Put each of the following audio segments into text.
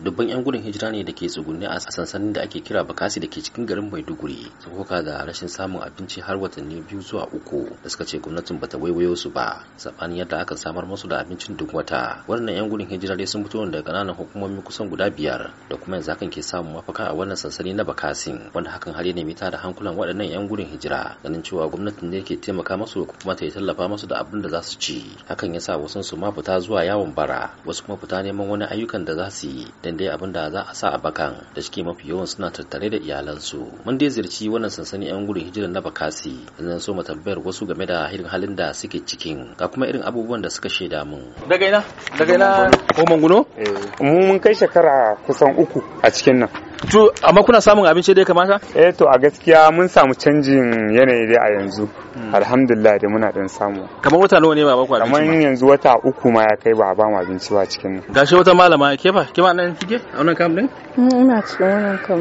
dubban yan gudun hijira ne da ke tsugunne a sansanin da ake kira bakasi da ke cikin garin maiduguri tsokoka da rashin samun abinci har watanni biyu zuwa uku da suka ce gwamnatin bata waiwayo su ba saɓanin yadda aka samar musu da abincin duk wata wannan yan gudun hijira dai sun fito daga kananan hukumomi kusan guda biyar da kuma yanzu hakan ke samun mafaka a wannan sansani na bakasin wanda hakan har ya nemi da hankulan waɗannan yan gudun hijira ganin cewa gwamnatin ne ke taimaka musu kuma ta yi tallafa musu da abin da za su ci hakan ya sa wasu su ma fita zuwa yawon bara wasu kuma fita neman wani ayyukan da za su yi sai dai abin da za a sa a bakan da shi mafi yawan suna tattare da iyalansu mun dai ziyarci wannan sansanin yan gudun hijira na bakasi zan so mu tambayar wasu game da irin halin da suke cikin ga kuma irin abubuwan da suka shaida mun. daga ina daga ina ko manguno eh. mu mun kai shekara kusan uku a cikin nan to amma kuna samun abinci dai kamata eh to a gaskiya mun samu canjin yanayi dai a yanzu hmm. alhamdulillah da muna dan samu kamar wata nawa ne ba ku abinci kamar yanzu wata uku ma ya kai ba a ba mu abinci ba cikin nan gashi wata malama ke ba ke ma nan kike a wannan kam din mm, ina cikin wannan kam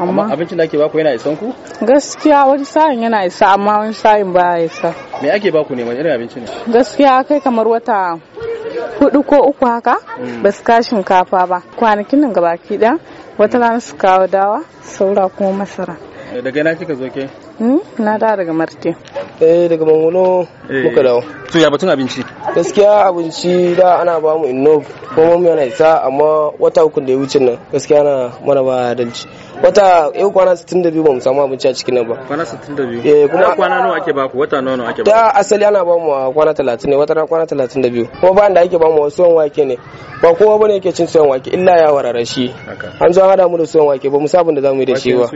amma abincin da ake ba ku yana isan ku gaskiya wani sa'in yana isa amma wani sa'in ba isa me ake ba ku ne wani irin abinci ne gaskiya kai kamar wata hudu ko uku haka hmm. ba su ka shinkafa ba kwanakin nan gabaki ɗaya wata rana su kawo dawa saura kuma masara eh, daga yana kika zo ke Hmm? na da daga marti. eh daga mangulo eh. muka dawo to ya batun abinci gaskiya abinci da ana ba mu inno ko mu yana isa amma wata uku da ya wuce nan gaskiya na mana ba dalci wata yau kwana 62 ba mu samu abinci a cikin nan ba kwana 62 eh kuma kwana nawa ake ba ku wata nawa nawa ake ba da asali ana ba mu kwana 30 ne wata na kwana 32 kuma ba da ake ba mu wasu wake ne ba kowa bane yake cin soyan wake illa ya warara shi an zo hada mu da soyan wake ba mu sabun da zamu yi da shi ba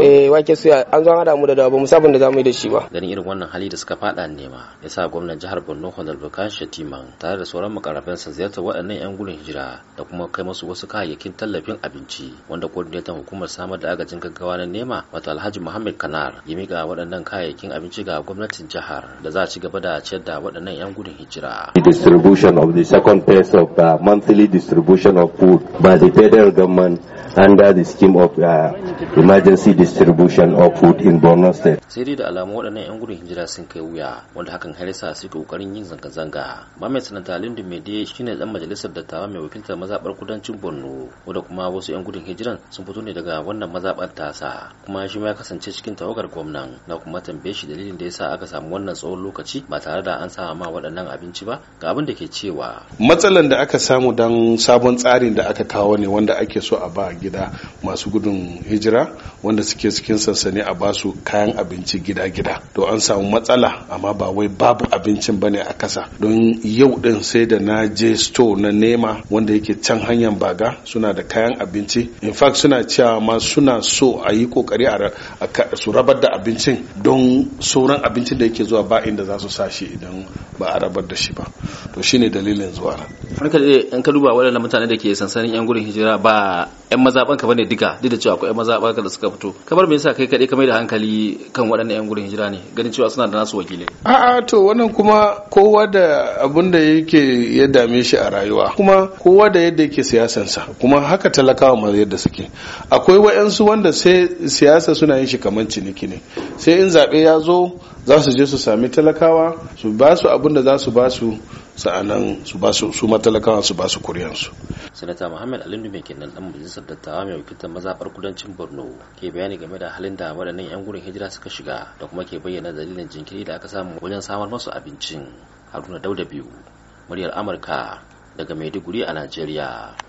eh wake suya an zo hada mu da da ba mu sabon da za mu yi da shi ba ganin irin wannan hali da suka fada nema yasa gwamnan jihar Borno Honal Bukan Shatiman tare da sauran sa ziyarta waɗannan 'yan gudun hijira da kuma kai musu wasu kayayyakin tallafin abinci wanda coordinator hukumar samar da agajin gaggawa na nema wato Alhaji Muhammad Kanar ya mika waɗannan kayayyakin abinci ga gwamnatin jihar da za a ci gaba da ciyar da waɗannan 'yan gudun hijira. The distribution of the second phase of the monthly distribution of food by the federal government under the scheme of uh, emergency distribution of food in Borno State. Sai dai da alamu waɗannan 'yan gudun hijira sun kai wuya wanda hakan har yasa su kokarin yin zanga-zanga. Mamet Sanata Lindu Mede shine dan majalisar dattawa mai wakiltar mazabar kudancin Borno wanda kuma wasu 'yan gudun hijiran sun fito ne daga wannan mazabar tasa kuma shi ma ya kasance cikin tawagar gwamnan na kuma tambaye shi dalilin da yasa aka samu wannan tsawon lokaci ba tare da an sa ma waɗannan abinci ba ga abin da ke cewa. Matsalan da aka samu don sabon tsarin da aka kawo ne wanda ake so a ba gida masu gudun hijira wanda suke cikin sansani a basu kayan abinci gida-gida to an samu matsala amma ba wai babu abincin bane a kasa don yau din sai da na je store na nema wanda yake can hanyar baga suna da kayan abinci in fact suna cewa ma suna so a yi kokari a su rabar da abincin don sauran abincin da yake zuwa ba inda za su sa shi idan ba a rabar da shi ba to shine dalilin zuwa har ka duba wadannan mutane da ke sansanin yan gudun hijira ba yan mazaban ka bane duka duk da cewa akwai yan mazaban ka da suka fito kamar me yasa kai kadai ka mai da hankali kan waɗannan yan gurin hijira ne ganin cewa suna da nasu wakilai a'a to wannan kuma kowa da abin da yake ya dame shi a rayuwa kuma kowa da yadda yake siyasansa kuma haka talakawa ma yadda suke akwai wa'yansu wanda sai siyasa suna yin shi kamar ciniki ne sai in zaɓe ya zo za su je su sami talakawa su ba su abin da za su ba su sa'anan su ba su su matalakawa su ba su kuriyansu. sanata muhammad alindu mai kenan dan majalisar dattawa mai wakiltar mazaɓar kudancin borno ke bayani game da halin da waɗannan yan gurin hijira suka shiga da kuma ke bayyana dalilin jinkiri da aka samu wajen samar masu abincin haruna dauda biyu muryar amurka daga maiduguri a najeriya